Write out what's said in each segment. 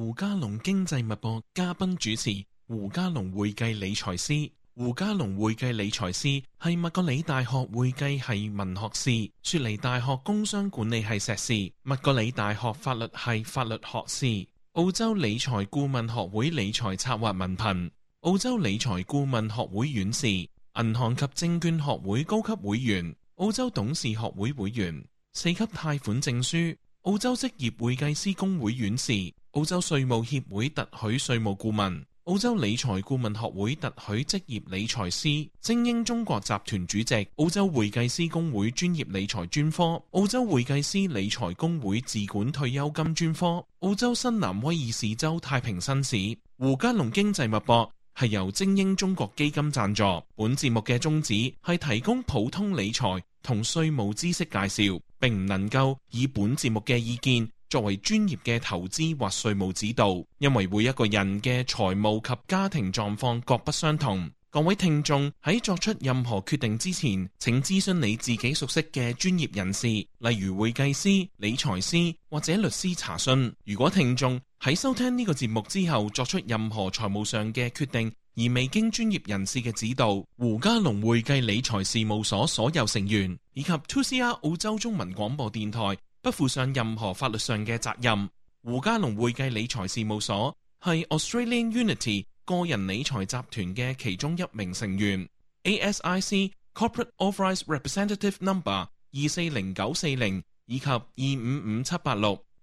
胡嘉龍經濟脈搏嘉賓主持，胡嘉龍會計理財師，胡嘉龍會計理財師係麥格里大學會計系文學士，雪梨大學工商管理系碩士，麥格里大學法律系法律學士，澳洲理財顧問學會理財策劃文憑，澳洲理財顧問學會院士，銀行及證券學會高級會員，澳洲董事學會會員，四級貸款證書。澳洲職業會計師工會院士、澳洲稅務協會特許稅務顧問、澳洲理財顧問學會特許職業理財師、精英中國集團主席、澳洲會計師工會專業理財專科、澳洲會計師理財工會自管退休金專科、澳洲新南威爾士州太平紳士，胡嘉龍經濟脈搏係由精英中國基金贊助，本節目嘅宗旨係提供普通理財同稅務知識介紹，並唔能夠以本節目嘅意見作為專業嘅投資或稅務指導，因為每一個人嘅財務及家庭狀況各不相同。各位聽眾喺作出任何決定之前，請諮詢你自己熟悉嘅專業人士，例如會計師、理財師或者律師查詢。如果聽眾喺收聽呢個節目之後作出任何財務上嘅決定，而未經專業人士嘅指導，胡嘉龍會計理財事務所所有成員以及 2CR 澳洲中文廣播電台不負上任何法律上嘅責任。胡嘉龍會計理財事務所係 Australian Unity 個人理財集團嘅其中一名成員，ASIC Corporate Authorised Representative Number 二四零九四零以及二五五七八六。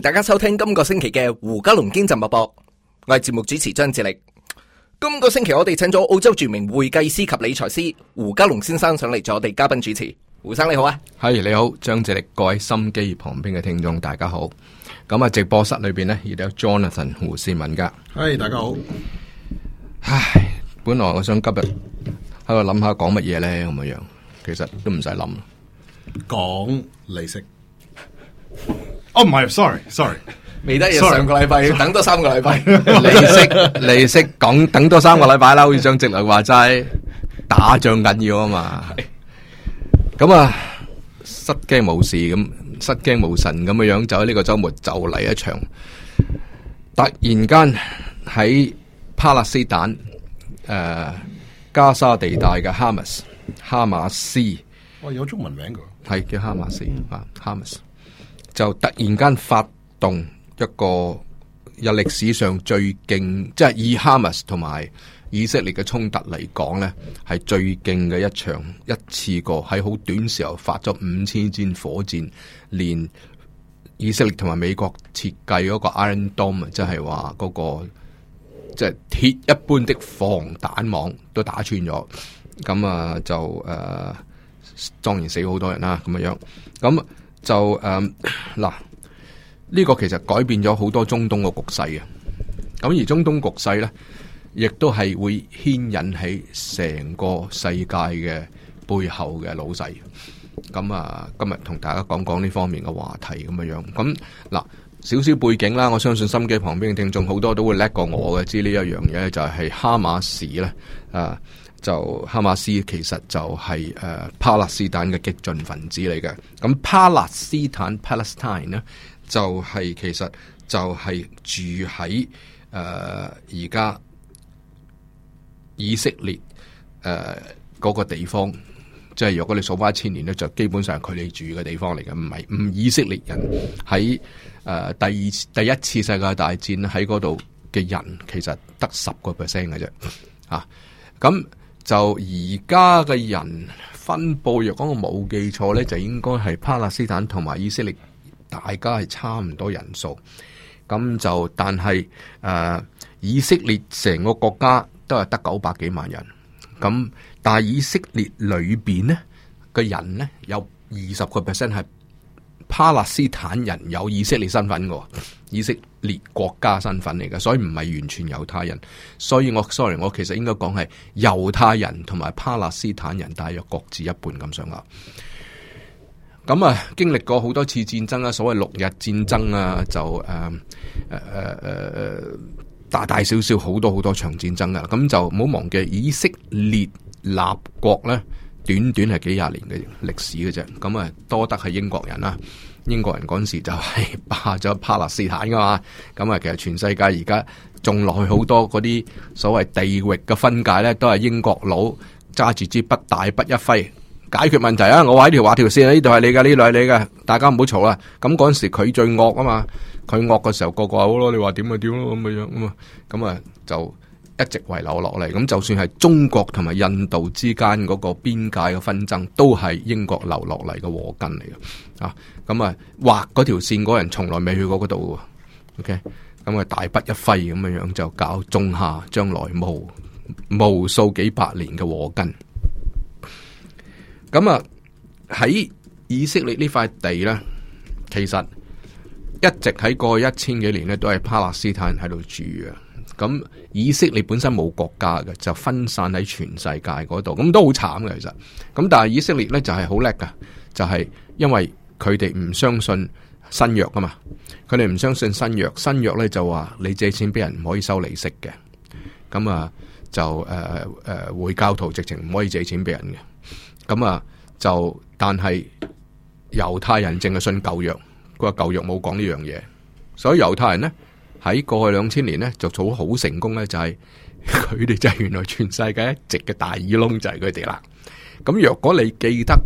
大家收聽今個星期嘅胡嘉龍經濟脈搏，我係節目主持張智力。今個星期我哋請咗澳洲著名會計師及理財師胡嘉龍先生上嚟做我哋嘉賓主持。胡生你好啊。係，你好，張智力，各位心機旁邊嘅聽眾大家好。咁啊，直播室裏邊呢亦都有 Jonathan 胡善文噶。係，大家好，唉，本來我想今日喺度諗下講乜嘢呢咁嘅樣，其實都唔使諗啦，講利息。哦，唔係、oh,，sorry，sorry，未得嘢，sorry, 上個禮拜要 Sorry, 等多三個禮拜，利 息利息講等多三個禮拜啦，好似張直女話齋打仗緊要啊嘛，咁啊、 嗯、失驚無事咁，失驚無神咁嘅樣，就喺呢個週末就嚟一場，突然間喺帕勒斯坦誒、呃、加沙地帶嘅哈密斯哈馬斯，哇、哦、有中文名噶，係叫哈馬斯啊，哈馬斯。就突然間發動一個日歷史上最勁，即、就、係、是、以哈馬斯同埋以色列嘅衝突嚟講呢係最勁嘅一場一次過喺好短時候發咗五千支火箭，連以色列同埋美國設計嗰個 Iron Dome，即係話嗰、那個即係鐵一般的防彈網都打穿咗，咁啊就誒、啊，當然死好多人啦，咁樣咁。就誒嗱，呢、嗯這個其實改變咗好多中東嘅局勢嘅。咁而中東局勢呢，亦都係會牽引起成個世界嘅背後嘅老細。咁啊，今日同大家講講呢方面嘅話題咁嘅樣。咁嗱，少少背景啦，我相信心機旁邊嘅聽眾好多都會叻過我嘅，知呢一樣嘢就係哈馬斯呢。啊。就哈馬斯其實就係、是、誒、uh, 巴勒斯坦嘅激進分子嚟嘅。咁巴勒斯坦 Palestine 呢，就係、是、其實就係住喺誒而家以色列誒嗰、呃那個地方，即、就、係、是、如果你數翻一千年呢，就基本上係佢哋住嘅地方嚟嘅。唔係唔以色列人喺誒第第一次世界大戰喺嗰度嘅人，其實得十個 percent 嘅啫。啊，咁。就而家嘅人分布，若果我冇記錯咧，就應該係巴勒斯坦同埋以色列，大家係差唔多人數，咁就但係誒、呃、以色列成個國家都係得九百幾萬人。咁但係以色列裏邊咧嘅人咧，有二十個 percent 係。巴勒斯坦人有以色列身份嘅，以色列國家身份嚟嘅，所以唔係完全猶太人。所以我 sorry，我其實應該講係猶太人同埋巴勒斯坦人大約各自一半咁上下。咁啊，經歷過好多次戰爭啊，所謂六日戰爭啊，就誒誒誒誒，大大小小好多好多場戰爭㗎。咁就唔好忘記以色列立國呢。短短係幾廿年嘅歷史嘅啫，咁啊多得係英國人啦，英國人嗰陣時就係霸咗巴勒斯坦噶嘛，咁啊其實全世界而家仲落去好多嗰啲所謂地域嘅分界咧，都係英國佬揸住支筆大筆一揮解決問題啊！我話呢條畫條線，呢度係你嘅，呢度係你嘅，大家唔好嘈啦。咁嗰陣時佢最惡啊嘛，佢惡嘅時候個個好咯，你話點咪點咯咁嘅樣咁啊，咁啊就。一直遺留落嚟，咁就算係中國同埋印度之間嗰個邊界嘅紛爭，都係英國留落嚟嘅禍根嚟嘅。啊，咁啊畫嗰條線嗰人，從來未去過嗰度嘅。OK，咁啊大筆一揮，咁樣樣就搞中下將來無無數幾百年嘅禍根。咁啊喺以色列呢塊地呢，其實一直喺過去一千幾年呢，都係巴勒斯坦人喺度住啊。咁以色列本身冇國家嘅，就分散喺全世界嗰度，咁都好慘嘅其實。咁但係以色列呢，就係好叻噶，就係因為佢哋唔相信新約啊嘛，佢哋唔相信新約，新約呢就話你借錢俾人唔可以收利息嘅，咁啊就誒誒回教徒直情唔可以借錢俾人嘅，咁啊就但係猶太人淨係信舊約，佢話舊約冇講呢樣嘢，所以猶太人呢。喺過去兩千年咧，就做好成功咧，就係佢哋就係原來全世界一直嘅大耳窿就係佢哋啦。咁若果你記得，誒、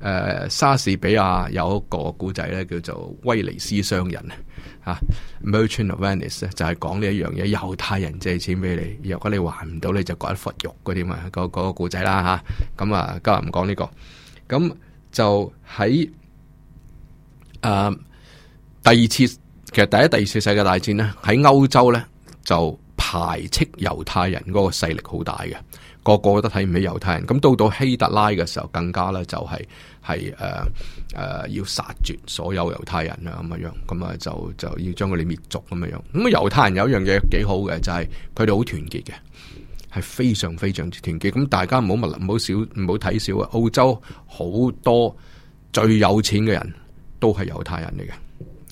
呃、莎士比亞有一個古仔咧，叫做《威尼斯商人》啊，《Merchant of Venice》就就係講呢一樣嘢，猶太人借錢俾你，若果你還唔到你就割一忽肉嗰啲嘛，嗰嗰、嗰個古仔啦吓。咁啊，啊今日唔講呢個，咁就喺誒、啊、第二次。其實第一、第二次世界大戰咧喺歐洲呢，就排斥猶太人嗰個勢力好大嘅，個個都睇唔起猶太人。咁到到希特拉嘅時候，更加呢就係係誒誒要殺絕所有猶太人啊，咁樣咁啊，就就要將佢哋滅族咁樣。咁啊，猶太人有一樣嘢幾好嘅，就係佢哋好團結嘅，係非常非常之團結。咁大家唔好唔好少唔好睇小，啊。澳洲好多最有錢嘅人都係猶太人嚟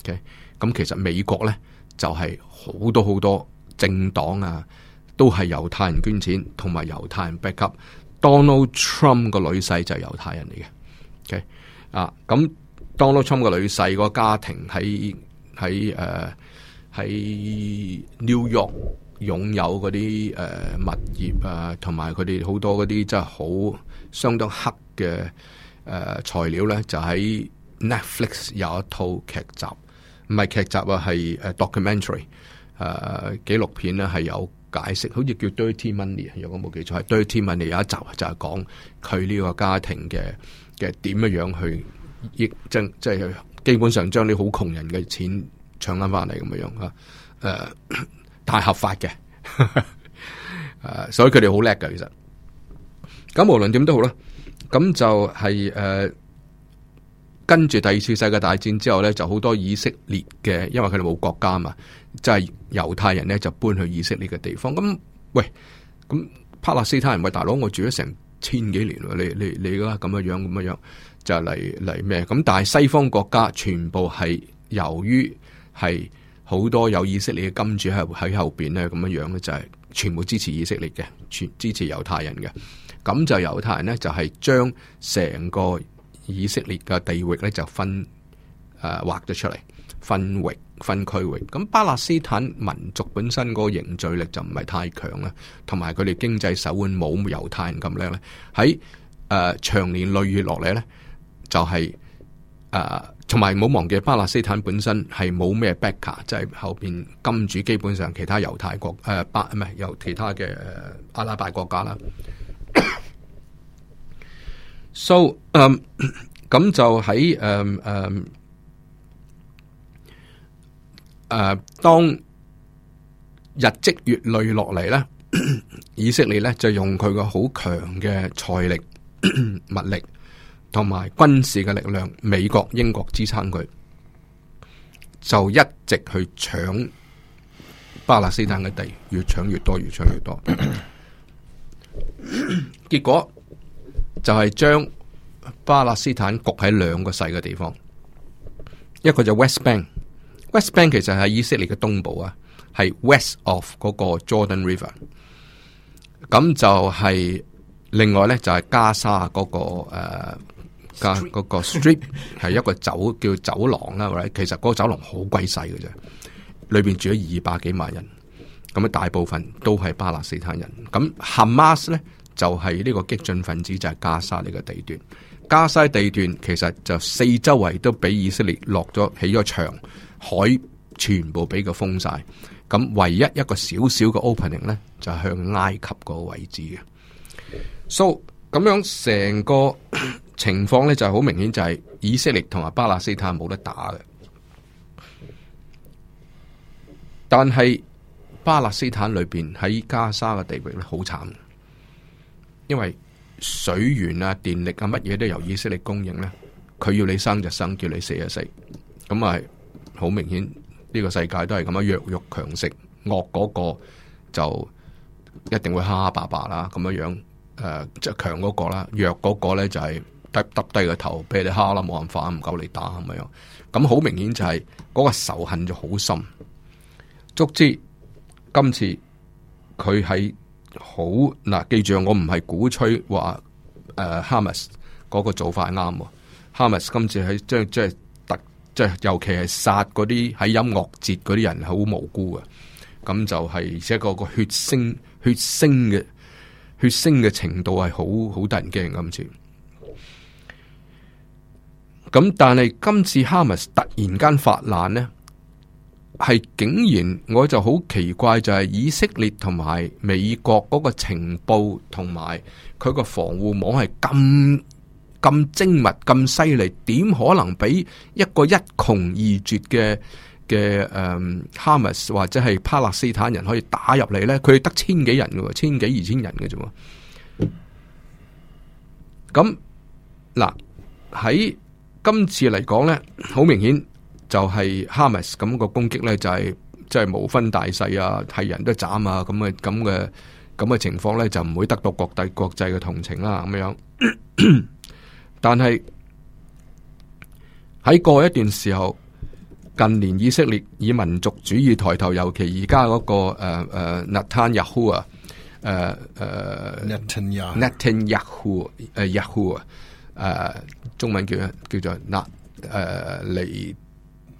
嘅。ok。咁其實美國咧就係、是、好多好多政黨啊，都係猶太人捐錢同埋猶太人 backup, Donald Trump 個女婿就係猶太人嚟嘅，OK 啊？咁 Donald Trump 個女婿個家庭喺喺誒喺 New York 擁有嗰啲誒物業啊，同埋佢哋好多嗰啲即係好相當黑嘅誒、呃、材料咧，就喺 Netflix 有一套劇集。唔係劇集啊，係 documentary，誒、呃、紀錄片啦，係有解釋，好似叫 Dirty Money，如果冇記錯，係 Dirty Money 有一集就係講佢呢個家庭嘅嘅點樣樣去亦即即係基本上將啲好窮人嘅錢搶翻翻嚟咁嘅樣嚇，誒、呃、但係合法嘅，誒、 呃、所以佢哋好叻嘅其實。咁無論點都好啦，咁就係、是、誒。呃跟住第二次世界大戰之後呢，就好多以色列嘅，因為佢哋冇國家嘛，就係猶太人呢，就搬去以色列嘅地方。咁喂，咁巴勒斯坦人喂大佬，我住咗成千幾年喎，你你你啦咁嘅樣，咁嘅樣樣就嚟嚟咩？咁但係西方國家全部係由於係好多有以色列嘅金主喺喺後邊呢，咁嘅樣呢就係全部支持以色列嘅，全支持猶太人嘅。咁就猶太人呢，就係將成個。以色列嘅地域咧就分誒、呃、劃咗出嚟，分域、分區域。咁巴勒斯坦民族本身個凝聚力就唔係太強啦，同埋佢哋經濟手腕冇猶太人咁叻咧。喺誒、呃、長年累月落嚟咧，就係、是、誒，同埋冇忘記巴勒斯坦本身係冇咩 backer，即係後邊金主基本上其他猶太國誒巴唔係由其他嘅阿拉伯國家啦。So，咁、um, 就喺誒誒誒，um, um, uh, 當日積月累落嚟咧，以色列呢就用佢個好強嘅財力、 物力同埋軍事嘅力量，美國、英國支撐佢，就一直去搶巴勒斯坦嘅地，越搶越多，越搶越多， 結果。就係將巴勒斯坦焗喺兩個細嘅地方，一個就係 West Bank，West Bank 其實係以色列嘅東部啊，係 West of 嗰個 Jordan River，就是。咁就係另外咧，就係、是、加沙嗰、那個加嗰、呃 Street? 啊那個 strip 係一個走叫走廊啦、啊，或、right? 者其實嗰個走廊好鬼細嘅啫，裏邊住咗二百幾萬人，咁啊大部分都係巴勒斯坦人，咁 Hamas 咧。就係呢個激進分子就係加沙呢個地段。加沙地段其實就四周圍都俾以色列落咗起咗牆，海全部俾佢封晒。咁唯一一個小小嘅 opening 呢，就向埃及個位置嘅。so 咁樣成個情況呢，就係好明顯，就係以色列同埋巴勒斯坦冇得打嘅。但係巴勒斯坦裏邊喺加沙嘅地域呢，好慘。因為水源啊、電力啊、乜嘢都由以色列供應咧，佢要你生就生，叫你死就死，咁啊，好明顯呢個世界都係咁樣弱肉強食，惡嗰個就一定會蝦蝦霸霸啦，咁樣樣誒，即係強嗰個啦，弱嗰個咧就係耷耷低個頭俾你蝦啦，冇辦法，唔夠你打咁樣，咁好明顯就係嗰個仇恨就好深，足之今次佢喺。好嗱、啊，記住我唔係鼓吹話誒哈馬斯嗰個做法啱。哈馬斯今次係即即係突即係尤其係殺嗰啲喺音樂節嗰啲人，好無辜啊。咁就係而且個血腥血腥嘅血腥嘅程度係好好得人驚今次，咁樣。咁但係今次哈馬斯突然間發難呢。係竟然我就好奇怪，就係、是、以色列同埋美國嗰個情報，同埋佢個防護網係咁咁精密咁犀利，點可能俾一個一窮二絕嘅嘅誒哈馬斯或者係巴勒斯坦人可以打入嚟呢？佢得千幾人嘅，千幾二千人嘅啫。咁嗱喺今次嚟講呢，好明顯。就係哈馬斯咁個攻擊咧、就係，就係即係無分大細啊，係人都斬啊，咁嘅咁嘅咁嘅情況咧，就唔會得到國際國際嘅同情啦、啊，咁樣。 但係喺過一段時候，近年以色列以民族主義抬頭，尤其而家嗰個誒誒納坦雅呼啊，誒誒納坦雅納坦雅呼誒雅呼啊，誒中文叫叫做納誒、呃呃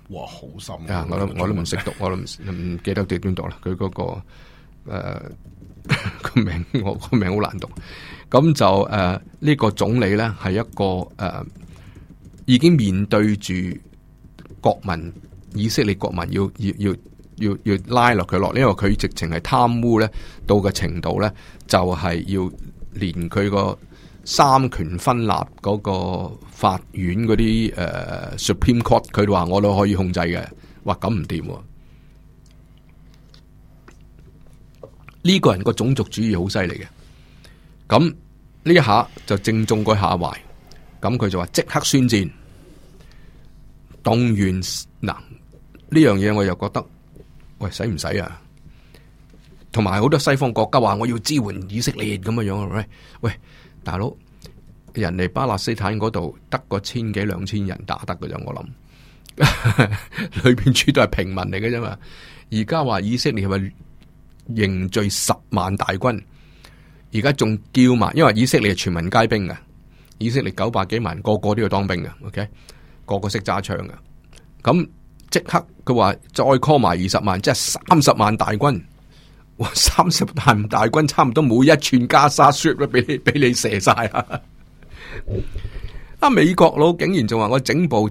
哇，好深，啊！我，的我都我都唔識讀，我都唔唔 記得點點讀啦。佢嗰、那個誒個、呃、 名，我個名好難讀。咁就誒呢、呃這個總理咧，係一個誒、呃、已經面對住國民以色列國民要要要要要拉落佢落，因為佢直情係貪污咧，到嘅程度咧就係、是、要連佢個。三權分立嗰個法院嗰啲誒 Supreme Court，佢哋話我都可以控制嘅，哇咁唔掂喎！呢個人個種族主義好犀利嘅，咁呢一下就正中佢下懷，咁佢就話即刻宣戰，動員嗱，呢樣嘢我又覺得，喂使唔使啊？同埋好多西方國家話我要支援以色列咁嘅樣係咪？喂大佬，人哋巴勒斯坦嗰度得個千幾兩千人打得嘅啫，我諗， 裏邊住都係平民嚟嘅啫嘛。而家話以色列係咪凝聚十萬大軍，而家仲叫埋，因為以色列係全民皆兵嘅，以色列九百幾萬人個個都要當兵嘅，OK，個個識揸槍嘅。咁即刻佢話再 call 埋二十萬，即係三十萬大軍。三十大唔大軍，差唔多每一寸加沙雪都俾你俾你射晒啦！阿 美國佬竟然仲話我整部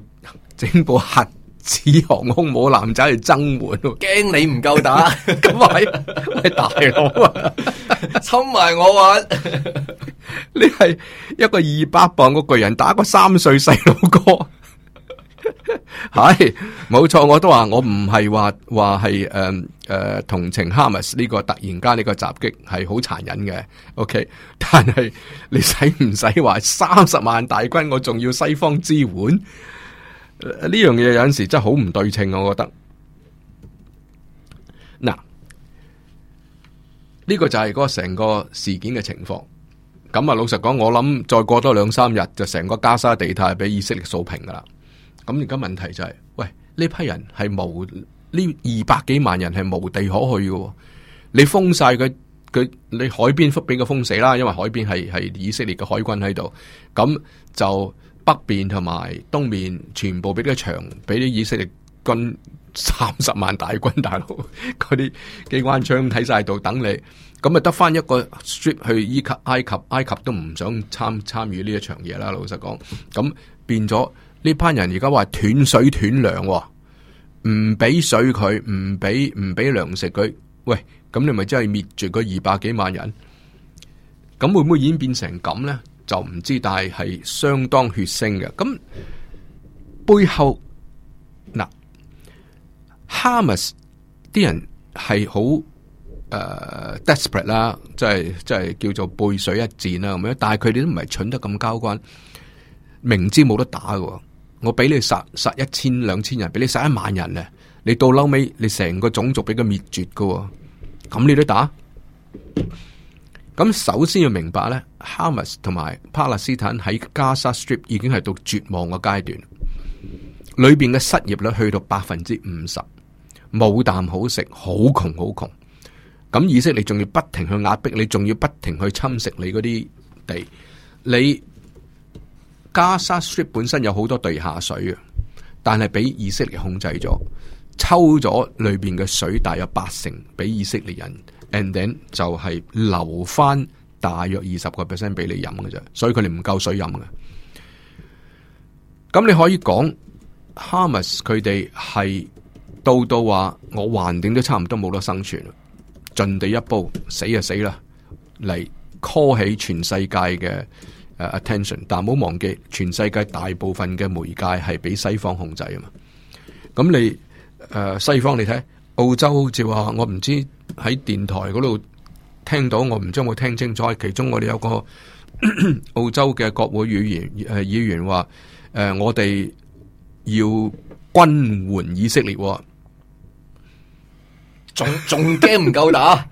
整部核子航空母艦仔嚟增援，驚你唔夠打咁啊！大佬，啊！侵埋我玩！ 你係一個二百磅個巨人打個三歲細佬哥。 係冇錯，我都話我唔係話話係誒誒同情哈密斯呢個突然間呢個襲擊係好殘忍嘅，OK。但係你使唔使話三十萬大軍我仲要西方支援呢、呃、樣嘢有陣時真係好唔對稱，我覺得。嗱，呢個就係嗰個成個事件嘅情況。咁啊，老實講，我諗再過多兩三日就成個加沙地帶俾以色列掃平噶啦。咁而家問題就係、是，喂，呢批人係無呢二百幾萬人係無地可去嘅，你封晒佢佢，你海邊都俾佢封死啦，因為海邊係係以色列嘅海軍喺度，咁就北邊同埋東面全部俾啲牆，俾啲以色列軍三十萬大軍大佬，嗰 啲機關槍喺晒度等你，咁啊得返一個 strip 去埃及，埃及埃及都唔想參參與呢一場嘢啦，老實講，咁變咗。呢班人而家話斷水斷糧，哦，唔俾水佢，唔俾唔俾糧食佢，喂，咁你咪真係滅絕佢二百幾萬人，咁會唔會已經變成咁呢？就唔知，但係係相當血腥嘅。咁背後嗱，哈馬斯啲人係好，uh, desperate 啦，即係即係叫做背水一戰啦咁樣，但係佢哋都唔係蠢得咁交關，明知冇得打嘅。我俾你殺殺一千兩千人，俾你殺一萬人啊！你到嬲尾，你成個種族俾佢滅絕噶，咁你都打？咁首先要明白呢，哈馬斯同埋巴勒斯坦喺加沙 strip 已經係到絕望嘅階段，裏邊嘅失業率去到百分之五十，冇啖好食，好窮好窮。咁意思，你仲要不停去壓迫，你仲要不停去侵蝕你嗰啲地，你。加沙 Strip 本身有好多地下水啊，但係俾以色列控制咗，抽咗裏邊嘅水大約八成，俾以色列人，and then 就係留翻大約二十個 percent 俾你飲嘅啫，所以佢哋唔夠水飲嘅。咁你可以講哈馬斯佢哋係到到話我環境都差唔多冇得生存，盡地一步死就死啦，嚟 call 起全世界嘅。誒，Attention！但唔好忘記，全世界大部分嘅媒介係俾西方控制啊嘛。咁、嗯、你誒、呃，西方你睇，澳洲即係話，我唔知喺電台嗰度聽到，我唔知有冇聽清楚。其中我哋有個咳咳澳洲嘅國會議員誒，議員話：誒、呃，我哋要軍援以色列、哦，仲仲驚唔夠打？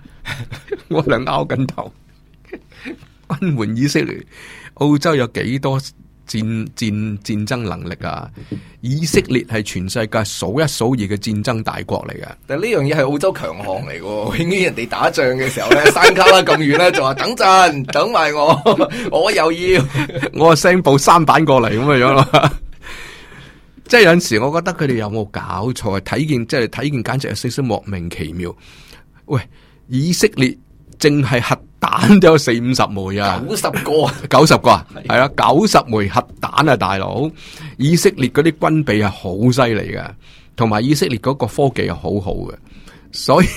我兩拗緊頭， 軍援以色列。澳洲有幾多戰戰戰爭能力啊？以色列係全世界數一數二嘅戰爭大國嚟嘅。但係呢樣嘢係澳洲強項嚟嘅，永遠 人哋打仗嘅時候咧，山卡啦咁遠咧，就話 等陣等埋我，我又要我啊，星部三板過嚟咁嘅樣咯。即係有陣時，我覺得佢哋有冇搞錯？睇見即係睇見，即係睇見簡直有少少莫名其妙。喂，以色列。淨係核彈都有四五十枚啊，九十個，九十個啊，係啊，九十枚核彈啊，大佬，以色列嗰啲軍備係好犀利㗎，同埋以色列嗰個科技係好好嘅。所以，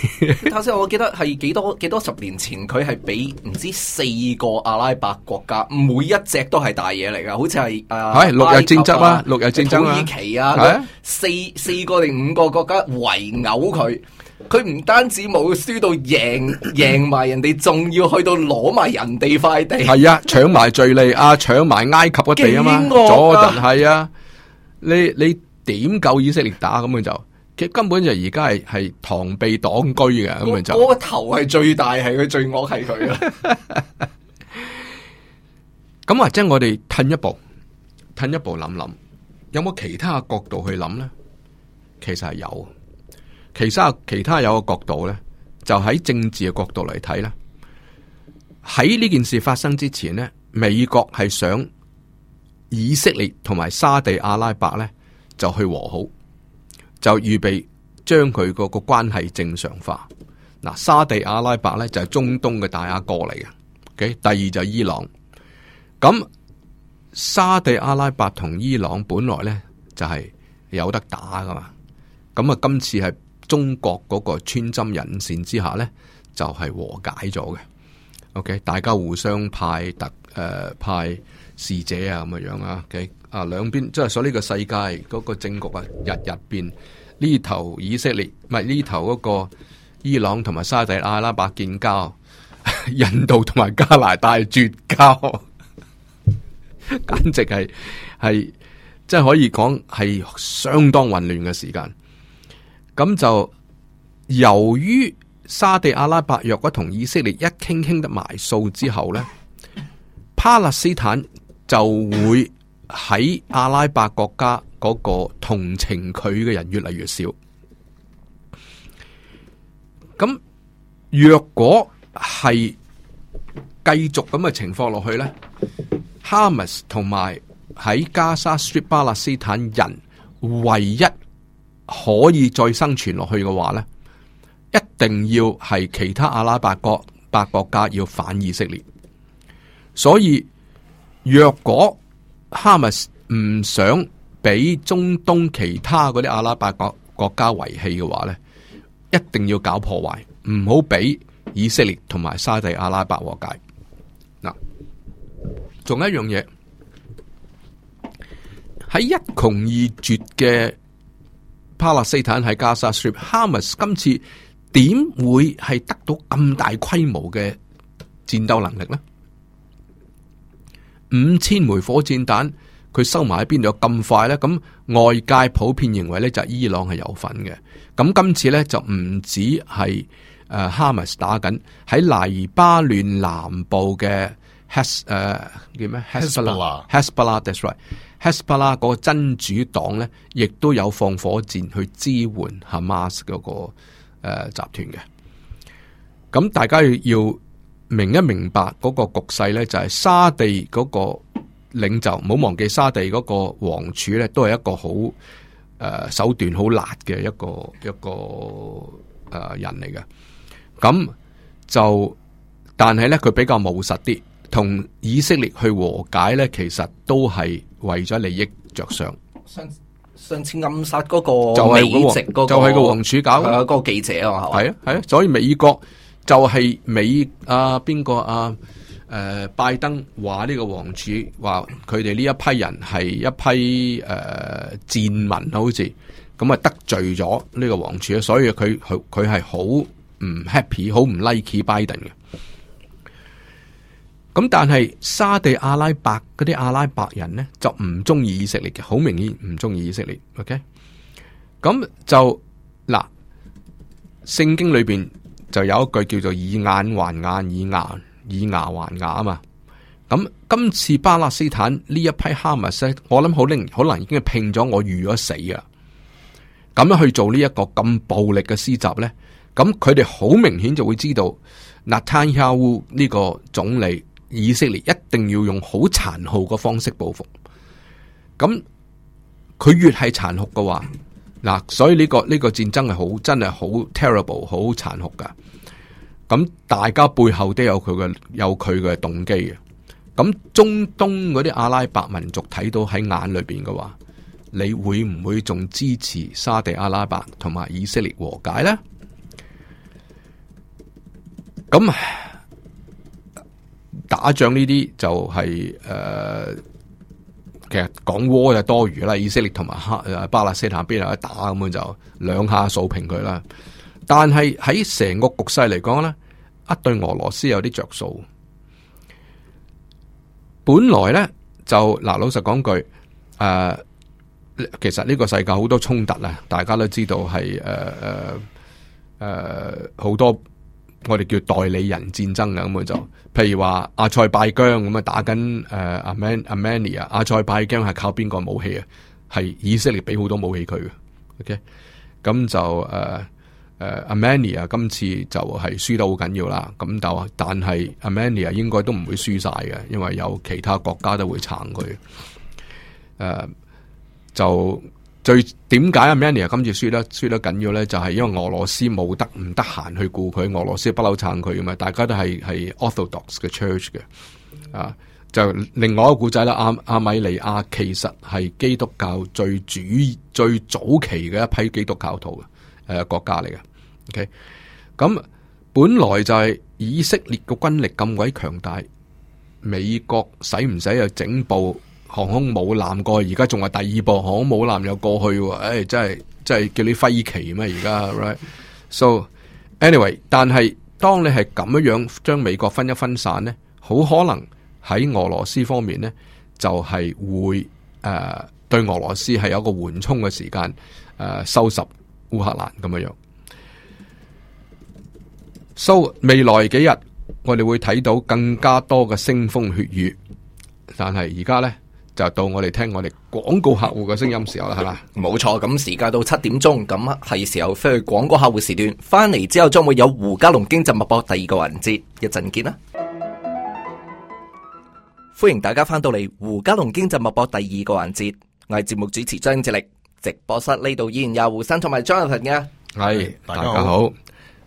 頭先我記得係幾多幾多十年前，佢係俾唔知四個阿拉伯國家，每一隻都係大嘢嚟噶，好似係誒，係六日戰爭啊，六日戰爭、啊日爭啊、土耳其啊，啊四四個定五個國家圍毆佢，佢唔單止冇輸到贏，贏埋人哋，仲要去到攞埋人哋塊地，係啊，搶埋敘利亞、啊，搶埋埃及嘅地啊嘛，左就係啊，你你點夠以色列打咁樣就？其實根本就而家係係螳臂擋車嘅咁就，我個頭係最大，係佢最惡係佢啦。咁 或者我哋褪一步，褪一步諗諗，有冇其他角度去諗呢？其實係有，有，其實其他有個角度呢，就喺政治嘅角度嚟睇呢。喺呢件事發生之前呢，美國係想以色列同埋沙地阿拉伯呢，就去和好。就預備將佢個個關係正常化。嗱、OK？沙地阿拉伯咧就係中東嘅大阿哥嚟嘅。OK，第二就係伊朗。咁沙地阿拉伯同伊朗本來咧就係、是、有得打㗎嘛。咁啊，今次喺中國嗰個穿針引線之下咧，就係、是、和解咗嘅。OK，大家互相派特誒、呃、派。使者啊咁嘅樣啊，佢啊兩邊即係所呢個世界嗰個政局啊日日變，呢頭以色列唔係呢頭嗰個伊朗同埋沙地阿拉伯建交， 印度同埋加拿大絕交， 簡直係係即係可以講係相當混亂嘅時間。咁就由於沙地阿拉伯若果同以色列一傾傾得埋數之後呢，巴勒斯坦就會喺阿拉伯國家嗰個同情佢嘅人越嚟越少。咁若果係繼續咁嘅情況落去咧， 哈馬斯同埋喺加沙、敘利亞、巴勒斯坦人唯一可以再生存落去嘅話呢，一定要係其他阿拉伯國、白國家要反以色列，所以。若果哈馬斯唔想俾中東其他嗰啲阿拉伯國國家遺棄嘅話呢，一定要搞破壞，唔好俾以色列同埋沙地阿拉伯和解。嗱，仲有一樣嘢喺一窮二絕嘅巴勒斯坦喺加沙，說哈馬斯今次點會係得到咁大規模嘅戰鬥能力呢？五千枚火箭彈，佢收埋喺邊度咁快咧？咁外界普遍認為咧就係、是、伊朗係有份嘅。咁今次咧就唔止係誒哈馬斯打緊喺黎巴嫩南部嘅哈誒叫咩？哈斯巴拉，哈斯巴拉，that's right，哈斯巴拉嗰個真主黨咧，亦都有放火箭去支援哈馬斯嗰個誒、呃、集團嘅。咁大家要。明一明白嗰個局勢咧，就係、是、沙地嗰個領袖，唔好忘記沙地嗰個王儲咧，都係一個好誒、呃、手段好辣嘅一個一個誒、呃、人嚟嘅。咁就但係咧，佢比較務實啲，同以色列去和解咧，其實都係為咗利益着想。上上次暗殺嗰個、那個、就係美籍嗰個就係個王儲、就是、搞嘅嗰、啊那個記者啊，係啊係啊，所以美國。就係美阿邊、啊、個阿、啊、誒、啊、拜登話呢個王儲話佢哋呢一批人係一批誒、呃、賤民好似咁，啊得罪咗呢個王儲，所以佢佢係好唔 happy，好唔 like 拜登嘅。咁但係沙地阿拉伯嗰啲阿拉伯人呢，就唔中意以色列嘅，好明顯唔中意以色列。OK，咁就嗱，聖經裏邊。就有一句叫做以眼還眼，以牙以牙還牙啊嘛！咁今次巴勒斯坦呢一批哈馬斯，我諗好明，可能已經係拼咗，我預咗死啊！咁去做呢一個咁暴力嘅施襲呢，咁佢哋好明顯就會知道 納坦雅烏呢個總理以色列一定要用好殘酷嘅方式報復。咁佢越係殘酷嘅話。嗱、啊，所以呢、呢個呢、呢個戰爭係好真係好 terrible，好殘酷噶。咁、嗯、大家背後都有佢嘅有佢嘅動機嘅。咁、嗯、中東嗰啲阿拉伯民族睇到喺眼裏邊嘅話，你會唔會仲支持沙地阿拉伯同埋以色列和解呢？咁、嗯、打仗呢啲就係、是、誒。呃其實講窩就多餘啦，以色列同埋巴勒斯坦邊度一打咁樣就兩下掃平佢啦。但係喺成個局勢嚟講呢，啊對俄羅斯有啲着數。本來呢，就嗱、啊、老實講句，誒、啊，其實呢個世界好多衝突啊，大家都知道係誒誒誒好多。我哋叫代理人戰爭嘅咁就，譬如話阿塞拜疆咁啊打緊誒、呃、阿曼阿曼尼亞，阿塞拜疆係靠邊個武器啊？係以色列俾好多武器佢嘅，ok，咁就誒誒、呃呃、阿曼尼亞，今次就係輸得好緊要啦，咁就，但係阿曼尼亞應該都唔會輸晒嘅，因為有其他國家都會撐佢，誒、呃、就。最點解阿美尼亞今次輸得輸得緊要呢？就係、是、因為俄羅斯冇得唔得閒去顧佢，俄羅斯不嬲撐佢嘅嘛。大家都係係 Orthodox 嘅 church 嘅啊，就另外一個故仔啦。阿、阿美尼亞其實係基督教最主最早期嘅一批基督教徒嘅誒、啊、國家嚟嘅。OK，咁本來就係以色列嘅軍力咁鬼強大，美國使唔使又整部？航空母艦過，而家仲係第二部航空母艦又過去，唉、哎，真係真係叫你揮旗咩？而家，right？So anyway，但係當你係咁樣將美國分一分散呢，好可能喺俄羅斯方面呢，就係、是、會誒、呃、對俄羅斯係有一個緩衝嘅時間誒、呃，收拾烏克蘭咁樣樣。So 未來幾日我哋會睇到更加多嘅腥風血雨，但係而家呢。就到我哋聽我哋廣告客戶嘅聲音時候啦，係嘛？冇錯，咁時間到七點鐘，咁係時候飛去廣告客戶時段。翻嚟之後將會有胡嘉龍經濟脈搏第二個環節，一陣見啦！歡迎大家翻到嚟胡嘉龍經濟脈搏第二個環節，我係節目主持張哲力，直播室呢度依然有胡生同埋張立群嘅，係是大家好。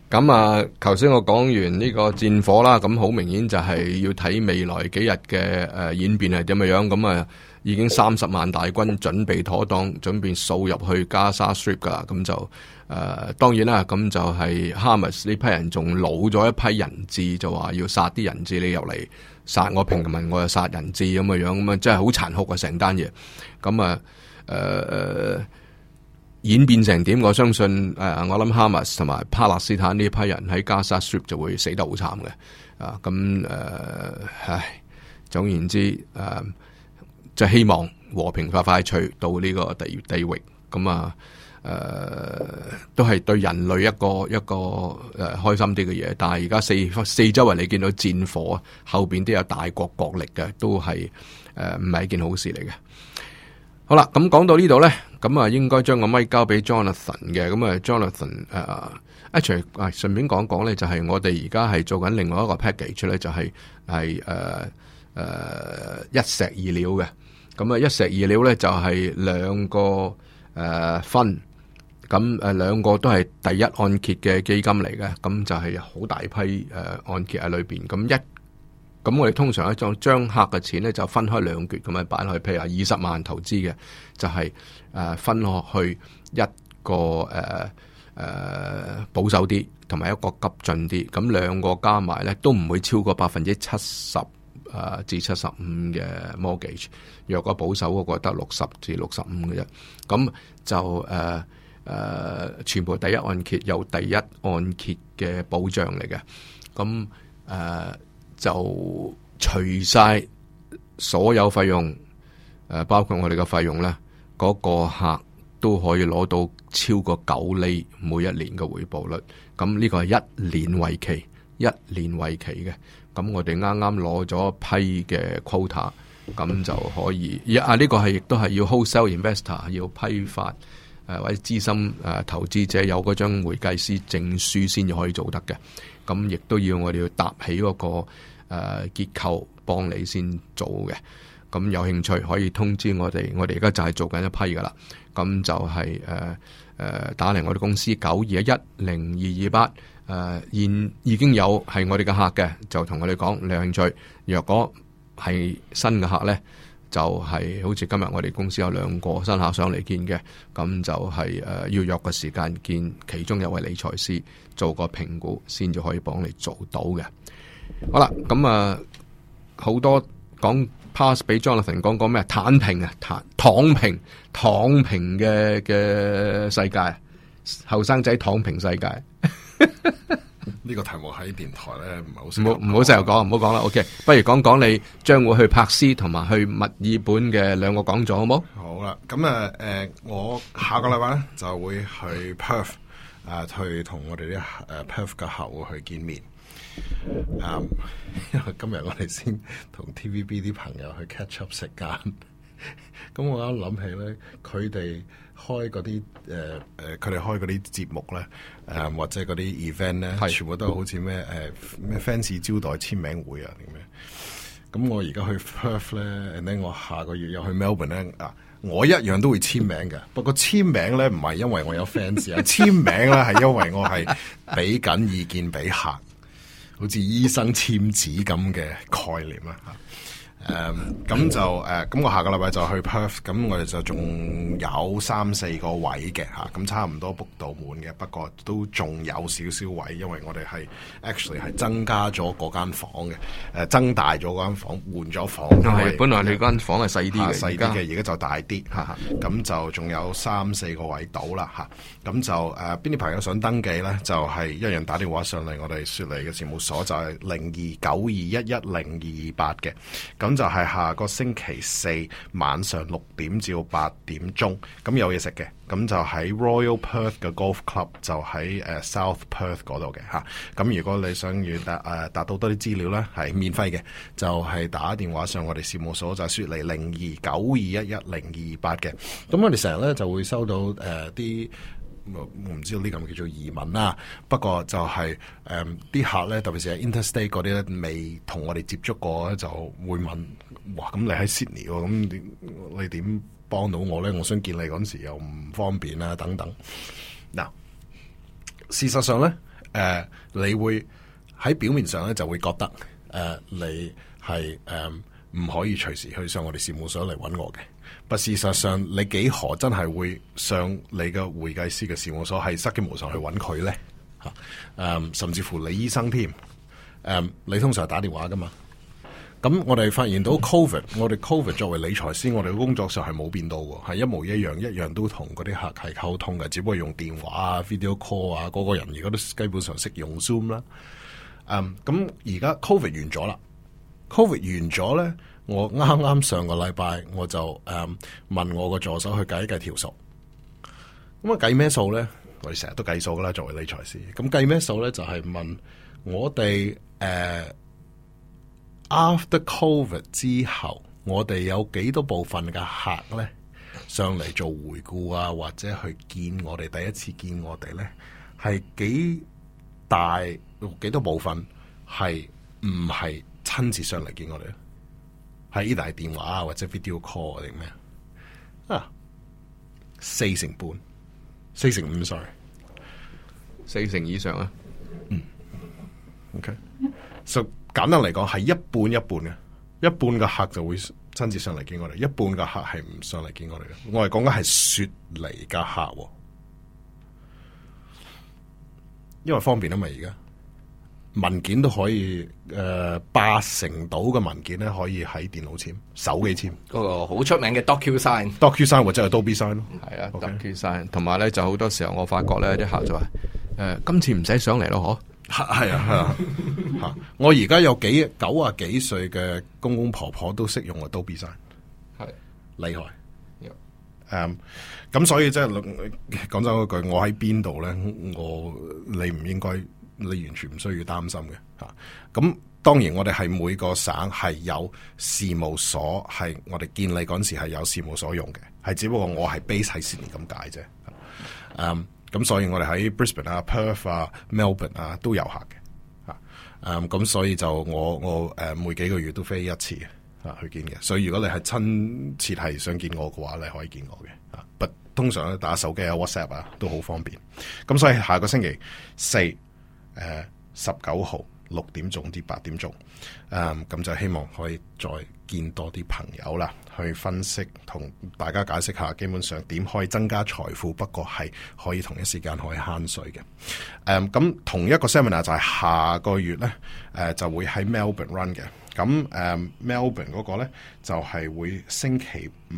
咁啊，頭先我講完呢個戰火啦，咁好明顯就係要睇未來幾日嘅誒演變係點嘅樣。咁啊，已經三十萬大軍準備妥當，準備掃入去加沙 strip 噶啦。咁就誒、呃，當然啦，咁就係哈密斯呢批人仲攞咗一批人質，就話要殺啲人質你入嚟，殺我平民我，我又殺人質咁嘅樣，咁啊，真係好殘酷啊成單嘢。咁啊，誒演變成點？我相信誒、呃，我諗哈馬斯同埋巴勒斯坦呢批人喺加沙區就會死得好慘嘅。啊，咁、啊、誒，唉，總言之誒，即、啊、係希望和平快快趣到呢個地地域。咁啊，誒、啊、都係對人類一個一個誒開心啲嘅嘢。但係而家四四周圍你見到戰火，後邊都有大國角力嘅，都係誒唔係一件好事嚟嘅。好啦，咁、嗯、講到呢度呢，咁啊應該將個麥交俾 Jon、嗯、Jonathan 嘅，呃，咁啊 Jonathan，啊 H，啊順便講講呢，就係我哋而家係做緊另外一個 package 呢就係係誒誒一石二鳥嘅，咁、嗯、啊一石二鳥呢、呃嗯嗯，就係兩個誒分，咁誒兩個都係第一按揭嘅基金嚟嘅，咁就係好大批誒按、呃、揭喺裏邊，咁、嗯、一。咁我哋通常一種將客嘅錢咧就分開兩橛咁樣擺落去，譬如話二十萬投資嘅，就係、是、誒分落去一個誒誒、呃呃、保守啲，同埋一個急進啲，咁兩個加埋咧都唔會超過百分之七十誒至七十五嘅 mortgage。Gage，若果保守嗰個得六十至六十五嘅，啫，咁就誒誒、呃呃、全部第一按揭有第一按揭嘅保障嚟嘅，咁誒。呃就除晒所有費用，誒包括我哋嘅費用咧，嗰、那個客都可以攞到超過九厘每一年嘅回報率。咁呢個係一年為期，一年為期嘅。咁我哋啱啱攞咗批嘅 quota，咁就可以。而啊呢、這個係亦都係要 wholesale investor，要批發誒、啊、或者資深誒、啊、投資者有嗰張會計師證書先至可以做得嘅。咁亦都要我哋要搭起嗰、那個。誒，結構幫你先做嘅，咁有興趣可以通知我哋，我哋而家就係做緊一批噶啦，咁就係誒誒打嚟我哋公司九二一一零二二八，誒現、呃、已經有係我哋嘅客嘅，就同我哋講你有興趣，若果係新嘅客呢，就係、是、好似今日我哋公司有兩個新客上嚟見嘅，咁就係、是、誒、呃、要約個時間見其中一位理財師做個評估，先至可以幫你做到嘅。好啦，咁、嗯、啊，好多講 pass 俾 Jonathan 講講咩啊？坦平啊，坦、躺平躺平嘅嘅世界，後生仔躺平世界。呢 個題目喺電台咧唔係好，唔好唔好成日講，唔好講啦。OK，不如講講你將會去柏斯同埋去墨爾本嘅兩個講座好冇？好啦，咁啊，誒、呃，我下個禮拜咧就會去 Perth 啊、呃，去同我哋啲誒、uh, Perth 嘅客戶去見面。啊，因為、um, 今日我哋先同 TVB 啲朋友去 catch up 食間，咁、嗯、我一諗起咧，佢哋開嗰啲誒誒，佢、呃、哋開嗰啲節目咧，誒、呃、或者嗰啲 event 咧，是全部都好似咩誒咩 fans 招待簽名會啊，咁樣。咁、嗯、 我而家去 Perth 咧，然後我下個月又去 Melbourne 咧啊，我一樣都會簽名嘅。不過簽名咧唔係因為我有 fans 啊，簽名咧係因為我係俾緊意見俾客。 好似醫生簽字咁嘅概念啊！誒咁、um, 就誒咁，我下個禮拜就去 Perth，咁我哋就仲有三四個位嘅嚇，咁差唔多 book 到滿嘅，不過都仲有少少位，因為我哋係 actually 係增加咗嗰間房嘅，誒增大咗嗰間房，換咗房。因係是，以本來你間房係細啲嘅，細啲嘅，而家就大啲嚇，咁就仲有三四個位到啦嚇，咁、啊、就誒邊啲朋友想登記呢？就係、是、一樣打電話上嚟我哋雪梨嘅事務所就係零二九二一一零二二八嘅。咁就係下個星期四晚上六點至到八點鐘，咁有嘢食嘅，咁就喺 Royal Perth 嘅 Golf Club，就喺誒 South Perth 嗰度嘅嚇。咁如果你想要達誒達到多啲資料呢，係免費嘅，就係、是、打電話上我哋事務所就雪梨零二九二一一零二八嘅。咁我哋成日呢就會收到誒啲。呃我唔知道呢個叫做移民啦、啊。不過就係誒啲客咧，特別是喺 Interstate 嗰啲咧，未同我哋接觸過咧，就會問：哇，咁你喺 Sydney 喎，咁點你點幫到我咧？我想見你嗰時又唔方便啦、啊，等等。嗱，事實上咧，誒、呃，你會喺表面上咧就會覺得誒、呃，你係誒唔可以隨時去上我哋事務所嚟揾我嘅。不過事實上，你幾何真係會上你嘅會計師嘅事務所，係塞機無常去揾佢咧？吓，誒，甚至乎你醫生添，誒、嗯，你通常係打電話噶嘛？咁、嗯、我哋發現到 Covid，我哋 Covid 作為理財師，我哋嘅工作上係冇變到，係一模一樣，一樣都同嗰啲客係溝通嘅，只不過用電話啊、video call 啊，嗰個人而家都基本上識用 Zoom 啦、嗯。嗯、咁、嗯、而家 Covid 完咗啦，Covid 完咗咧。我啱啱，上個禮拜我就誒、um, 問我個助手去計一計條數，咁啊計咩數咧？我哋成日都計數噶啦，作為理財師。咁計咩數咧？就係、是、問我哋誒、uh,，after COVID 之後，我哋有幾多部分嘅客咧上嚟做回顧啊，或者去見我哋第一次見我哋咧，係幾大？幾多部分係唔係親自上嚟見我哋咧？係意大利電話或者 video call 定咩啊？四成半，四成五，sorry，四成以上啊。嗯、mm.，OK，就、so, 簡單嚟講係一半一半嘅，一半嘅客就會親自上嚟見我哋，一半嘅客係唔上嚟見我哋嘅。我哋講緊係雪梨嘅客，因為方便啊嘛而家。文件都可以，誒、呃，八成到嘅文件咧可以喺電腦簽、手機簽。嗰個好出名嘅 DocuSign，DocuSign 或者係 Dolby Sign 咯。係啊 Okay?，DocuSign，同埋咧就好多時候我發覺咧啲客就話，誒，今次唔使上嚟咯，嗬。係啊係啊，吓、啊啊！我而家有幾九啊幾歲嘅公公婆婆都識用個 Dolby Sign，係，厲、啊、害。誒，咁所以即係講真嗰句，我喺邊度咧，我，我，我你唔應該。你完全唔需要擔心嘅嚇。咁、啊嗯、當然，我哋係每個省係有事務所，係我哋見你嗰陣時係有事務所用嘅，係只不過我係 base 喺先咁解啫。嗯，咁、嗯、所以我哋喺 Brisbane 啊、Perth 啊、Melbourne 啊都有客嘅嚇、啊。嗯，咁、嗯、所以就我我誒每幾個月都飛一次啊去見嘅。所以如果你係親切係想見我嘅話，你可以見我嘅啊。但通常打手機啊、WhatsApp 啊都好方便。咁、啊嗯、所以下個星期四。誒十九號六點鐘至八點鐘，誒咁、呃、就希望可以再見多啲朋友啦，去分析同大家解釋下，基本上點可以增加財富，不過係可以同一時間可以慳水嘅。誒、呃、咁同一個 seminar 就係下個月咧，誒、呃、就會喺 Mel、呃、Melbourne run 嘅，咁誒 Melbourne 嗰個咧就係、是、會星期五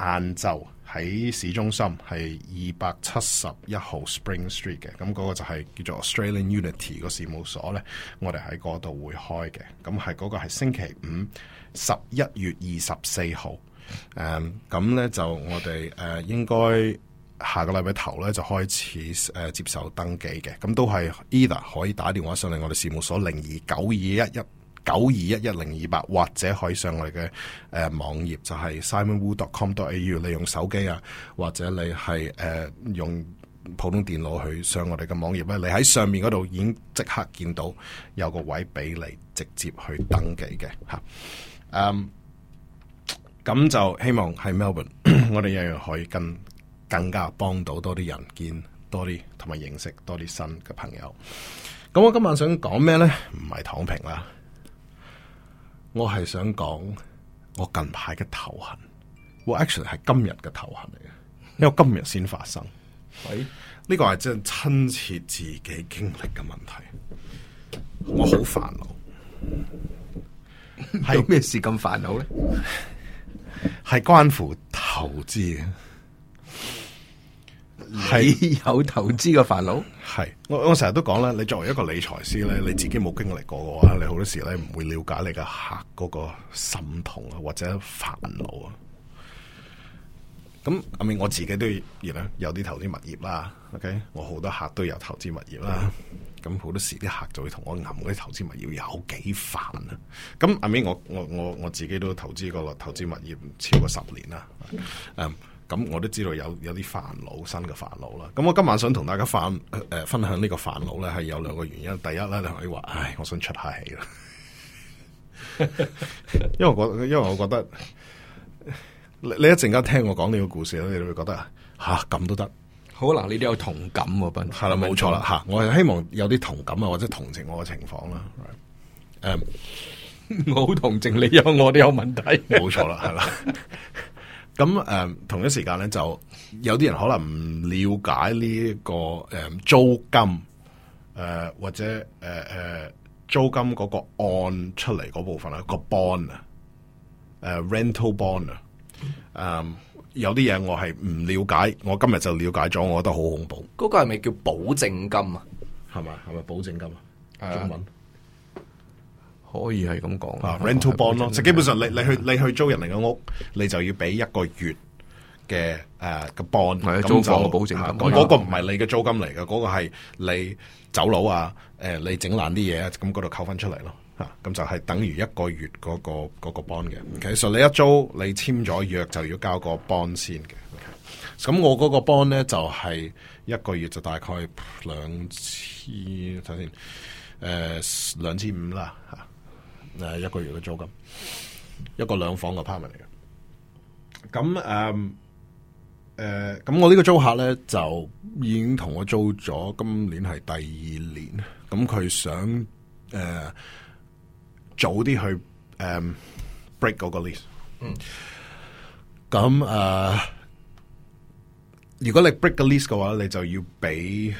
晏晝。喺市中心係二百七十一號 Spring Street 嘅，咁、那、嗰個就係叫做 Australian Unity 個事務所咧，我哋喺嗰度會開嘅，咁係嗰個係星期五十一月二十四號誒，咁咧、嗯嗯、就我哋誒、呃、應該下個禮拜頭咧就開始誒、呃、接受登記嘅，咁、嗯、都係 either 可以打電話上嚟我哋事務所零二九二一一。九二一一零二八或者可以上我哋嘅誒網頁，就係 simonwu.com.au。你用手機啊，或者你係誒、呃、用普通電腦去上我哋嘅網頁咧、啊，你喺上面嗰度已經即刻見到有個位俾你直接去登記嘅吓、啊。嗯，咁就希望喺 Melbourne， 我哋一樣可以更更加幫到多啲人見，見多啲，同埋認識多啲新嘅朋友。咁我今晚想講咩咧？唔係躺平啦。我係想講我近排嘅頭痕我，action 我係今日嘅頭痕嚟嘅，因為今日先發生。喂，呢個係真親切自己經歷嘅問題，我好煩惱。係咩 事咁煩惱咧？係 關乎投資嘅。係是有投資嘅煩惱。係我我成日都講啦，你作為一個理財師咧，你自己冇經歷過嘅話，你好多時咧唔會了解你嘅客嗰個心痛啊，或者煩惱啊。咁阿明我自己都而家有啲投資物業啦，OK，okay? 我好多客都有投資物業啦。咁好 Yeah. 多時啲客就會同我吟嗰啲投資物業有幾煩啊。咁阿明我我我我自己都投資個投資物業超過十年啦。嗯。Yeah. Um, 咁、嗯、我都知道有有啲煩惱，新嘅煩惱啦。咁、嗯、我今晚想同大家、呃、分享呢個煩惱呢，係有兩個原因。第一呢，你可以話，唉，我想出下氣啦。 因為我因為我覺得你一陣間聽我講呢個故事咧，你會，會覺得吓咁都得。啊、可能你都有同感、啊，斌係啦，冇、嗯、錯啦。吓、嗯，我係希望有啲同感啊，或者同情我嘅情況啦。誒，我好同情你，有我都有問題。冇錯啦，係啦。咁誒、嗯、同一時間咧，就有啲人可能唔了解呢、這、一個租金誒或者誒誒租金嗰個按出嚟嗰部分啦，個 bond 啊，誒 rental bond 啊，嗯，呃呃那個 bond, 呃、bond, 嗯有啲嘢我係唔了解，我今日就了解咗，我覺得好恐怖。嗰個係咪叫保證金啊？係咪係咪保證金啊？中文。嗯可以係咁講，rental bond 咯，就基本上你你去你去租人哋間屋，你就要俾一個月嘅誒個 bond，咁的就租房嘅保證金。咁嗰、啊、個唔係你嘅租金嚟嘅，嗰、啊、個係你走佬啊，誒、uh, 你整爛啲嘢啊，咁嗰度扣翻出嚟咯。嚇、啊，咁就係等於一個月嗰、那個嗰 b o n 嘅。其、那、實、個 okay, 嗯、你一租你簽咗約就要交個 b o n 先嘅。咁、okay、我嗰個 b o n 咧就係一個月就大概兩千睇先，誒兩千五啦嚇。誒，一個月嘅租金，一個兩房嘅 apartment 嚟嘅。咁誒，誒，咁我呢個租客咧就已經同我租咗，今年係第二年。咁佢想誒、uh, 早啲去誒、um, break 嗰個 lease。嗯。咁誒，uh, 如果你 break 個 lease 嘅話，你就要俾。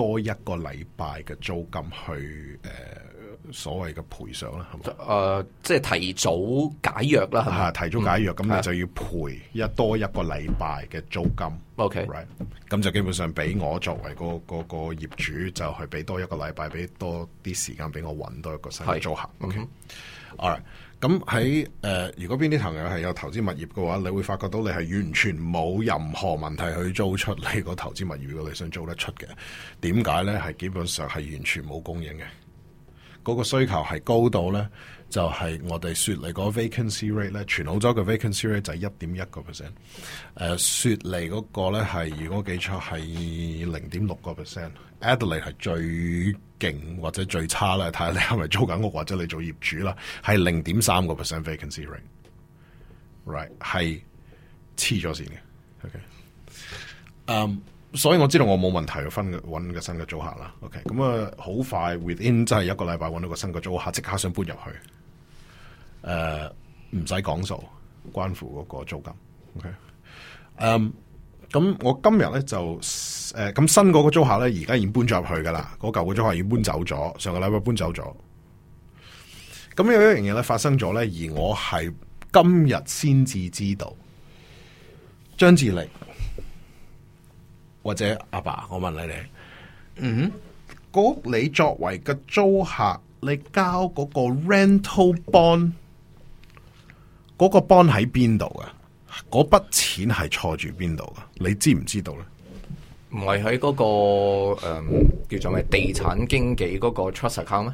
多一個禮拜嘅租金去誒、呃，所謂嘅賠償啦，係嘛？誒、呃，即係提早解約啦，吓提早解約，咁、啊嗯、你就要賠一多一個禮拜嘅租金。O K，right，咁就基本上俾我作為、那個、嗯、個業主，就去俾多一個禮拜，俾多啲時間俾我揾多一個新嘅租客。O K，alright。咁喺誒，如果邊啲朋友係有投資物業嘅話，你會發覺到你係完全冇任何問題去租出你個投資物業，如果你想租得出嘅？點解咧？係基本上係完全冇供應嘅，嗰、嗰個需求係高到咧。就係我哋雪梨個 vacancy rate 咧，全澳洲嘅 vacancy rate 就係一點一個 percent。誒、呃，雪梨嗰個咧係如果記錯係零點六個 percent。Adelaide 係最勁或者最差啦。睇下你係咪租緊屋或者你做業主啦，係零點三個 percent vacancy rate。Right 係黐咗線嘅。OK。嗯，所以我知道我冇問題，分揾個新嘅租客啦。OK。咁、uh, 啊，好快，within 即係一個禮拜揾到個新嘅租客，即刻想搬入去。誒，唔使講數，關乎嗰個租金。OK，嗯，咁我今日咧就誒、咁、呃、新嗰個租客咧而家已經搬咗入去噶啦，嗰、那、舊個租客已經搬走咗，上個禮拜搬走咗。咁有一樣嘢咧發生咗咧，而我係今日先至知道。張志力或者阿爸、爸，我問你哋，嗯，你作為嘅租客，你交嗰個 rental bond？嗰個 bond 喺邊度噶？嗰筆錢係錯住邊度噶？你知唔知道咧？唔係喺嗰個誒、嗯、叫做咩地產經紀嗰個 trust account 咩？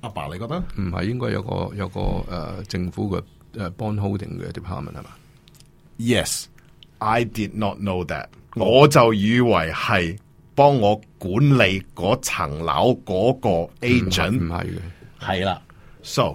阿爸，爸你覺得？唔係，應該有個有個誒、呃、政府嘅誒 bond holding 嘅 department 係嘛？Yes, I did not know that、mm。Hmm. 我就以為係幫我管理嗰層樓嗰個 agent。唔係嘅，係啦的，so。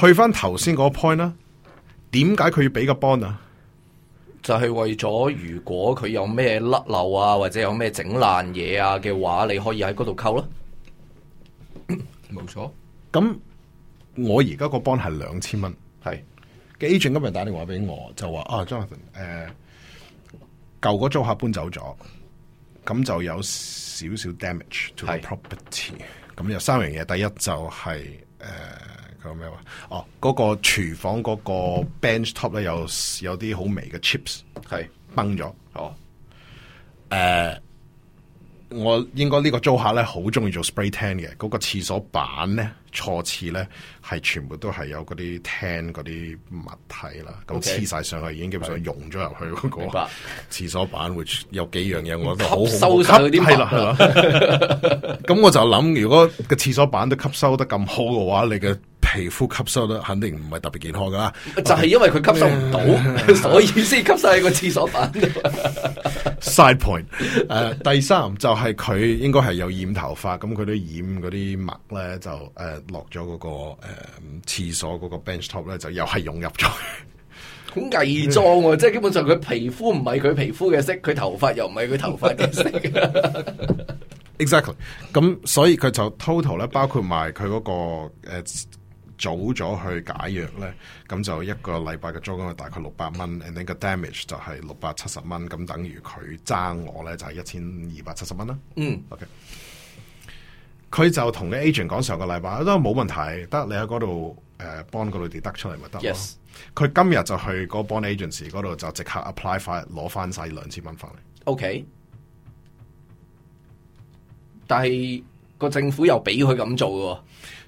去翻頭先嗰個 point 啦，點解佢要俾個 bond 啊？就係為咗如果佢有咩甩漏啊，或者有咩整爛嘢啊嘅話，你可以喺嗰度扣咯。冇錯。咁 我而家個 bond 係兩千蚊。係是。嘅 agent 今日打電話俾我，就話啊、oh,，Jonathan，誒，舊嗰租客搬走咗，咁就有少少 damage to the property 是。咁有三樣嘢，第一就係、是、誒。Uh, 講咩話？哦、啊，嗰、那個廚房嗰個 bench top 咧，有有啲好微嘅 chips 係是崩咗了。哦，誒，我應該呢個租客咧好中意做 spray tan 嘅。嗰、那個廁所板咧，錯次咧係全部都係有嗰啲 tan 嗰啲物體啦。咁黐晒上去已經基本上溶咗入去嗰個廁所板會有幾樣嘢我覺得好吸收啲。係咯，係咯。咁 我就諗，如果個廁所板都吸收得咁好嘅話，你嘅皮膚吸收得肯定唔係特別健康噶啦，就係因為佢吸收唔到，所以先吸晒個廁所板。Side point，誒，第三就係佢應該係有染頭髮，咁佢都染嗰啲墨咧，就誒落咗嗰個誒廁所嗰個 bench top 咧，就又係湧入咗。好偽裝喎，即係基本上佢皮膚唔係佢皮膚嘅色，佢頭髮又唔係佢頭髮嘅色。Exactly，咁所以佢就 total 咧，包括埋佢嗰個誒。Uh, 早咗去解約咧，咁就一個禮拜嘅租金係大概六百蚊，and then 個 the damage 就係六百七十蚊，咁等於佢爭我咧就係一千二百七十蚊啦。嗯，OK。佢就同你 agent 講上個禮拜都冇問題，得你喺嗰度誒幫個女哋得出嚟咪得。Yes，佢今日就去嗰個 bond agency 嗰度就即刻 apply 翻攞翻晒兩千蚊翻嚟。OK 但，但係個政府又俾佢咁做喎。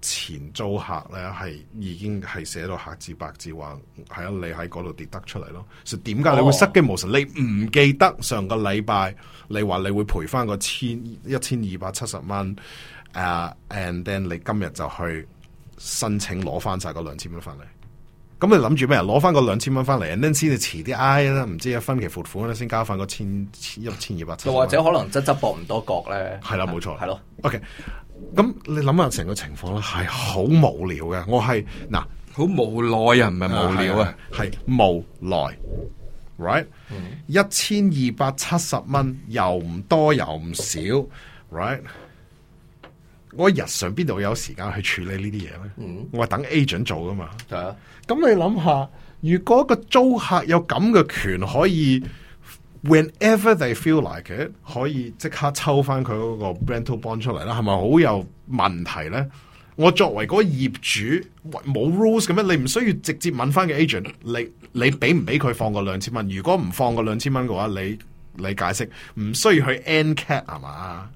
前租客咧係已經係寫到黑字白字，話係啊，你喺嗰度跌得出嚟咯。所以點解你會失驚無神？Oh. 你唔記得上個禮拜你話你會賠翻個千一千二百七十蚊？啊、uh，and then 你今日就去申請攞翻晒嗰兩千蚊翻嚟。咁你諗住咩啊？攞翻嗰兩千蚊翻嚟，and then 先要遲啲挨啦，唔、哎、知一分期付款先交翻個千一千二百七。又或者可能質質博唔多角咧？係啦、啊，冇錯，係咯。OK。咁你諗下成個情況啦，係好無聊嘅。我係嗱，好無奈啊，唔係無聊啊，係的無奈，right？一千二百七十蚊又唔多又唔少，right？我日常邊度有時間去處理呢啲嘢咧？Mm hmm. 我係等 agent 做噶嘛。就係啊，咁你諗下，如果個租客有咁嘅權可以。Whenever they feel like it，可以即刻抽翻佢嗰個 rental bond 出嚟啦，係咪好有問題呢？我作為嗰業主，冇 rules 嘅咩？你唔需要直接問翻個 agent，你你俾唔俾佢放個兩千蚊？如果唔放個兩千蚊嘅話，你你解釋，唔需要去 NCAT 係嘛？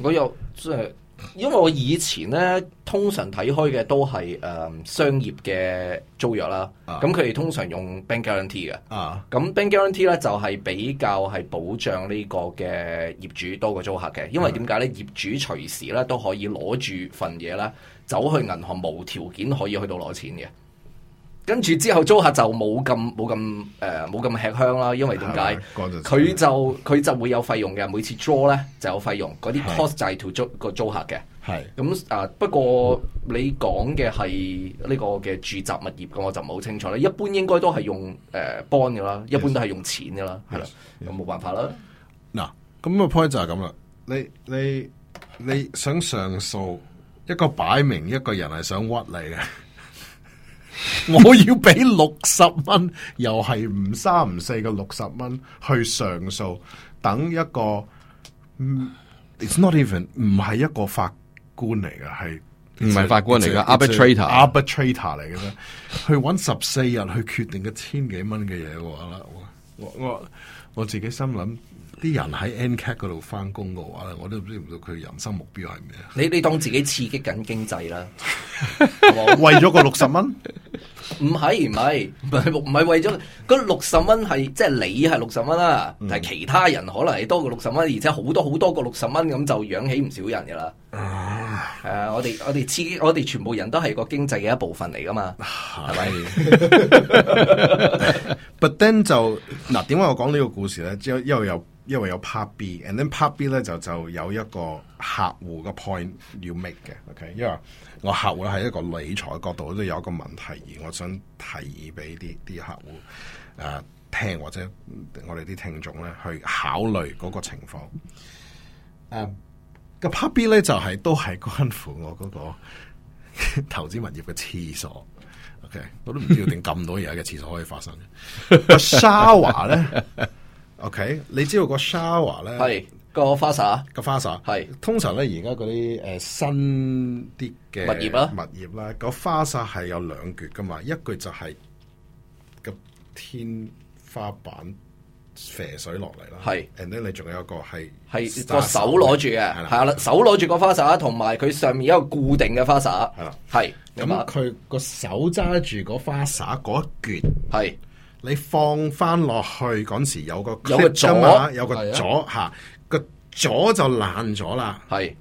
我有即係。就是因為我以前咧通常睇開嘅都係誒、呃、商業嘅租約啦，咁佢哋通常用 bank guarantee 嘅，咁、uh. bank guarantee 咧就係、是、比較係保障呢個嘅業主多過租客嘅，因為點解咧？業主隨時咧都可以攞住份嘢啦，走去銀行無條件可以去到攞錢嘅。跟住之後，租客就冇咁冇咁誒冇咁吃香啦，因為點解佢就佢 就，就會有費用嘅，每次 draw 咧就有費用，嗰啲 cost 就係 to 租個租客嘅。係咁啊，不過你講嘅係呢個嘅住宅物業嘅，我就唔係好清楚啦。一般應該都係用誒、呃、bond 噶啦，Yes. 一般都係用錢噶啦，係 Yes. 啦，冇冇 Yes. 辦法啦。嗱，咁個 point 就係咁啦。你你你，你想上訴一個擺明一個人係想屈你嘅。 我要俾六十蚊，又係唔三唔四嘅六十蚊去上訴，等一個，嗯，it's not even 唔係一個法官嚟嘅，係唔係法官嚟嘅，arbitrator arbitrator 嚟嘅咩？ 去揾十四日去決定一千幾蚊嘅嘢嘅話啦，我我我，我自己心諗，啲人喺 NCAT 嗰度翻工嘅話咧，我都唔知唔到佢人生目標係咩。你你當自己刺激緊經濟啦， 為咗個六十蚊。唔係唔係唔係為咗嗰六十蚊係即係你係六十蚊啦，但係、嗯、其他人可能係多過六十蚊，而且好多好多個六十蚊咁就養起唔少人噶啦。誒、啊 uh,，我哋我哋知我哋全部人都係個經濟嘅一部分嚟噶嘛。係咪，But then 就嗱、啊，點解我講呢個故事咧？之後因為有。因為有 part B，and then part B 咧就就有一個客戶嘅 point 要 make 嘅，OK？因為我客戶喺一個理財角度我都有一個問題，而我想提議俾啲啲客戶誒、呃、聽，或者我哋啲聽眾咧去考慮嗰個情況。誒、um,，個 part B 咧就係、是、都係關乎我嗰個投資物業嘅廁所，OK？我都唔知要定咁多嘢家嘅廁所可以發生。個沙華咧。 OK，你知道個 shower 咧，個花灑，個花灑，係通常咧而家嗰啲誒新啲嘅物業啦，物業啦，個花灑係有兩橛噶嘛，一橛就係個天花板射水落嚟啦，係，and then，你仲有個係係個手攞住嘅，係啦，手攞住個花灑，同埋佢上面有一個固定嘅花灑，係啦，係咁，佢個手揸住個花灑嗰一橛，係。你放翻落去嗰時有個咗，有個咗吓，個咗就爛咗啦。係。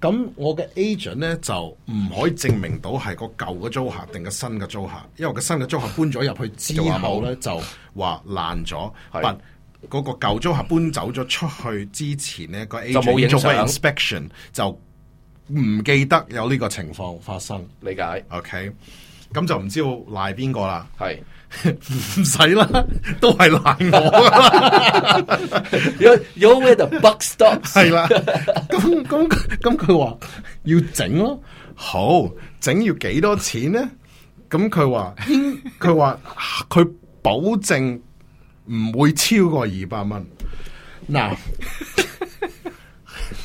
咁我嘅 agent 咧就唔可以證明到係個舊嘅租客定個新嘅租客，因為個新嘅租客搬咗入去之後咧就話爛咗，但嗰個舊租客搬走咗出去之前咧個 agent 就冇影，做 inspection 就唔記得有呢個情況發生。理解？OK。咁就唔知要賴邊個啦。係。唔使啦，都係賴我噶啦。有有位的 buck stop 係啦，咁咁咁佢話要整咯，好整要幾多錢呢？咁佢話佢話佢保證唔會超過二百蚊嗱。嗯嗯 嗯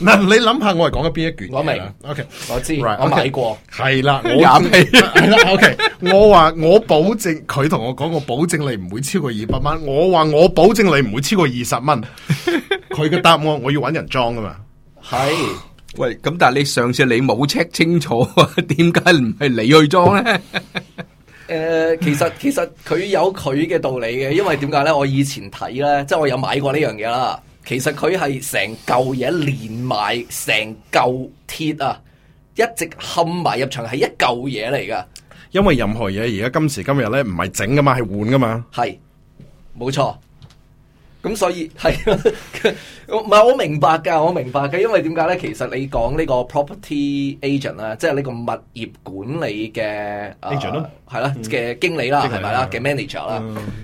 嗱，你諗下我，我係講嘅邊一句？我明，OK，我知，right, okay, 我買過，係啦，我飲氣，係啦 ，OK，我話我保證，佢同 我講，我保證你唔會超過二百蚊。我話我保證你唔會超過二十蚊。佢嘅 答案，我要揾人裝噶嘛？係是，喂，咁但係你上次你冇 check 清楚，點解唔係你去裝咧？誒、 呃，其實其實佢有佢嘅道理嘅，因為點解咧？我以前睇咧，即、就、係、是、我有買過呢樣嘢啦。其實佢係成嚿嘢連埋，成嚿鐵啊，一直冚埋入場係一嚿嘢嚟噶。因為任何嘢而家今時今日咧，唔係整噶嘛，係換噶嘛，係，冇錯。咁所以係。 是 唔係我明白㗎，我明白㗎，因為點解咧？其實你講呢個 property agent 啦，即係呢個物業管理嘅 agent 咯，係啦嘅經理啦，係咪啦嘅 manager 啦？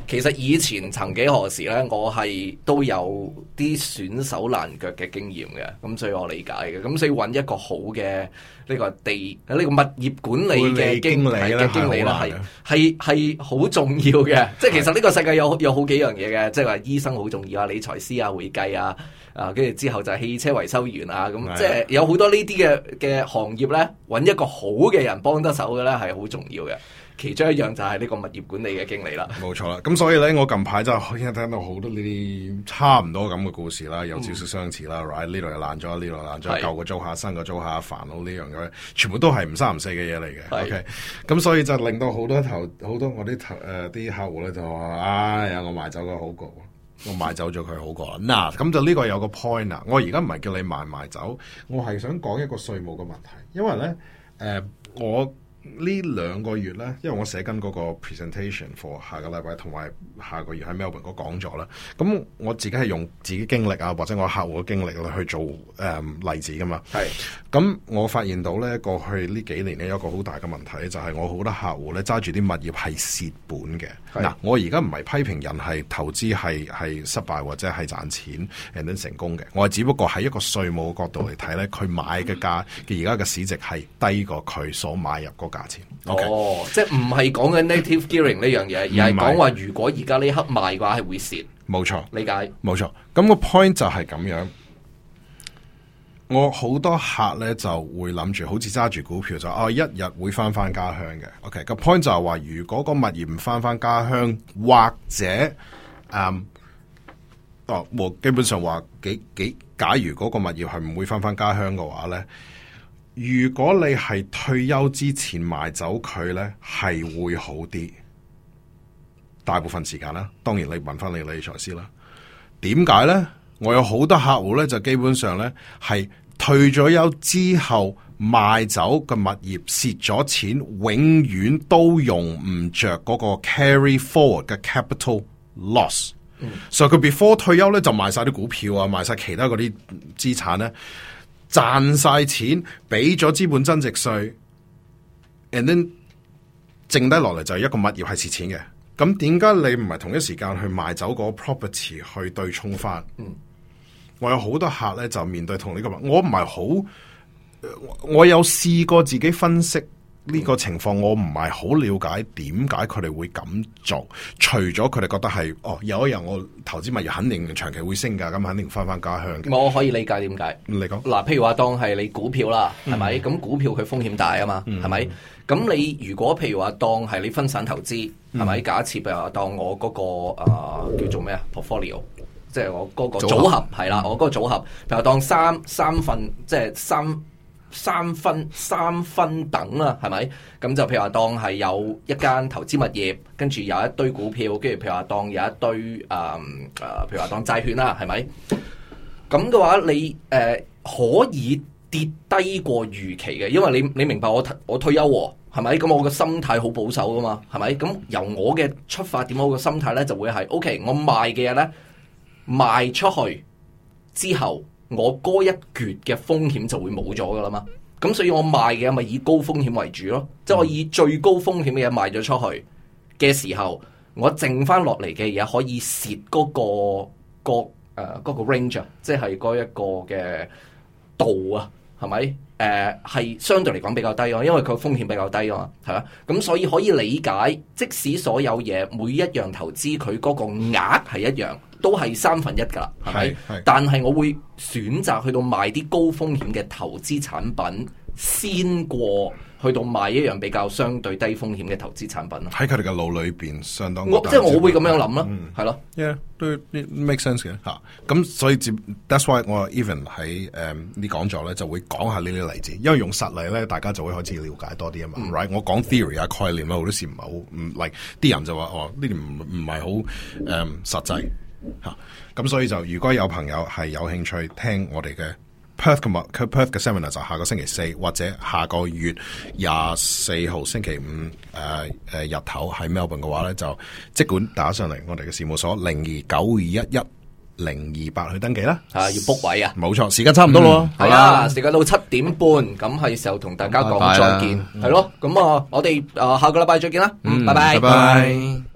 其實以前曾幾何時咧，我係都有啲損手爛腳嘅經驗嘅，咁所以我理解嘅。咁所以揾一個好嘅呢個地呢個物業管理嘅經理嘅經理咧，係係係好重要嘅。即係其實呢個世界有有好幾樣嘢嘅，即係話醫生好重要啊，理財師啊，會計啊。啊，跟住之後就係汽車維修員啊，咁即係有好多呢啲嘅嘅行業咧，揾一個好嘅人幫得手嘅咧，係好重要嘅。其中一樣就係呢個物業管理嘅經理啦。冇錯啦，咁所以咧，我近排就已經聽到好多呢啲差唔多咁嘅故事啦，有少少相似啦、嗯、，right 呢度又爛咗，呢度爛咗，舊是個租客，新個租客，煩到呢樣嘢。全部都係唔三唔四嘅嘢嚟嘅。是 OK，咁所以就令到好多頭好多我啲頭啲、呃、客戶咧就話：哎呀，我賣走個好過。我賣走咗佢好過啦，嗱、nah，咁就呢個有個 point 啦。我而家唔係叫你賣唔賣走，我係想講一個稅務嘅問題，因為咧誒、呃、我。呢兩個月咧，因為我寫緊嗰個 presentation，for 下個禮拜同埋下個月喺 Melbourne 嗰個講座啦。咁、嗯、我自己係用自己經歷啊，或者我客戶嘅經歷去做誒、嗯、例子噶嘛。係是。咁、嗯、我發現到咧，過去呢幾年咧，有一個好大嘅問題咧，就係、是、我好多客戶咧揸住啲物業係蝕本嘅。嗱是，我而家唔係批評人係投資係係失敗或者係賺錢 even 成功嘅。我係只不過喺一個稅務角度嚟睇咧，佢買嘅價嘅而家嘅市值係低過佢所買入的的價錢哦，Okay. 即係唔係講緊 negative gearing 呢樣嘢，而係講話，如果而家呢刻賣嘅話係會蝕，冇錯錯理解，冇錯。咁、那個 point 就係咁樣，我好多客呢就會諗住，好似揸住股票就啊、哦，一日會返返家鄉嘅。OK，個 point 就係、是、話，如果個物業唔返返家鄉，或者誒，um, 哦，我基本上話幾幾，假如嗰個物業係唔會返返家鄉嘅話呢。如果你係退休之前賣走佢呢，係會好啲。大部分時間啦、啊，當然你問翻你理財師啦。點解呢？我有好多客戶呢，就基本上呢，係退咗休之後賣走個物業，蝕咗錢，永遠都用唔着嗰個 carry forward 嘅 capital loss。所以佢 before 退休呢，就賣晒啲股票啊，賣晒其他嗰啲資產呢。賺晒錢，俾咗資本增值稅，然後剩低落嚟就係一個物業係蝕錢嘅，咁點解你唔係同一時間去賣走嗰個 property 去對沖翻？嗯，我有好多客咧就面對同呢個問，我唔係好，我有試過自己分析。呢個情況我唔係好了解，點解佢哋會咁做，除咗佢哋覺得係哦，有一日我投資物業肯定長期會升價，咁肯定翻翻家鄉。我可以理解點解。你講嗱，譬如話當係你股票啦，係咪、嗯？咁股票佢風險大啊嘛，係咪、嗯？咁你如果譬如話當係你分散投資，係咪、嗯？假設啊，譬如話當我嗰個，呃，叫做咩啊 portfolio，即係我嗰個組合係啦，我嗰個組合，譬如話當三三分即係三。三分三分等啦，係咪？咁就譬如話當係有一間投資物業，跟住有一堆股票，跟住譬如話當有一堆誒誒、呃，譬如話當債券啦，係咪？咁嘅話，你誒、呃、可以跌低過預期嘅，因為你你明白我我退休喎、係咪？咁我嘅心態好保守噶嘛，係咪？咁由我嘅出發點，我嘅心態呢就會係，OK，我賣嘅嘢呢，賣出去之後。我嗰一橛嘅風險就會冇咗噶啦嘛，咁所以我賣嘅咪以高風險為主咯，即係我以最高風險嘅嘢賣咗出去嘅時候，我剩翻落嚟嘅嘢可以蝕嗰、嗰個、嗰個誒 range，即係嗰一個嘅度啊。係咪？誒，係相對嚟講比較低咯，因為佢風險比較低啊嘛，係嘛。咁所以可以理解，即使所有嘢，每一樣投資佢嗰個額係一樣，都係三分一噶啦，係咪？是是但係我會選擇去到賣啲高風險嘅投資產品先過。去到買一樣比較相對低風險嘅投資產品咯。喺佢哋嘅腦裏邊，相當即係我會咁樣諗咯，係咯、嗯。都的、yeah, make sense 嘅嚇。咁、啊、所以 that's why 我 even 喺誒啲講座咧就會講下呢啲例子，因為用實例咧，大家就會開始了解多啲啊嘛。Mm. r、right? i 我講 theory 啊概念啊好多時唔係好唔嚟，啲、like, 人就話哦呢啲唔唔係好誒實際嚇。咁、啊、所以就如果有朋友係有興趣聽我哋嘅。Perth 嘅物 Perth 嘅 per Seminar 就下個星期四或者下個月廿四號星期五誒誒、呃呃、日頭喺 Melbourne 嘅話咧就即管打上嚟我哋嘅事務所零二九二一一零二八去登記啦啊，要 book 位啊冇錯，時間差唔多咯係、嗯、吧啊，時間到七點半咁係時候同大家講再見。係咯咁啊、嗯、啊我哋誒下個禮拜再見啦嗯拜拜拜，拜拜拜拜。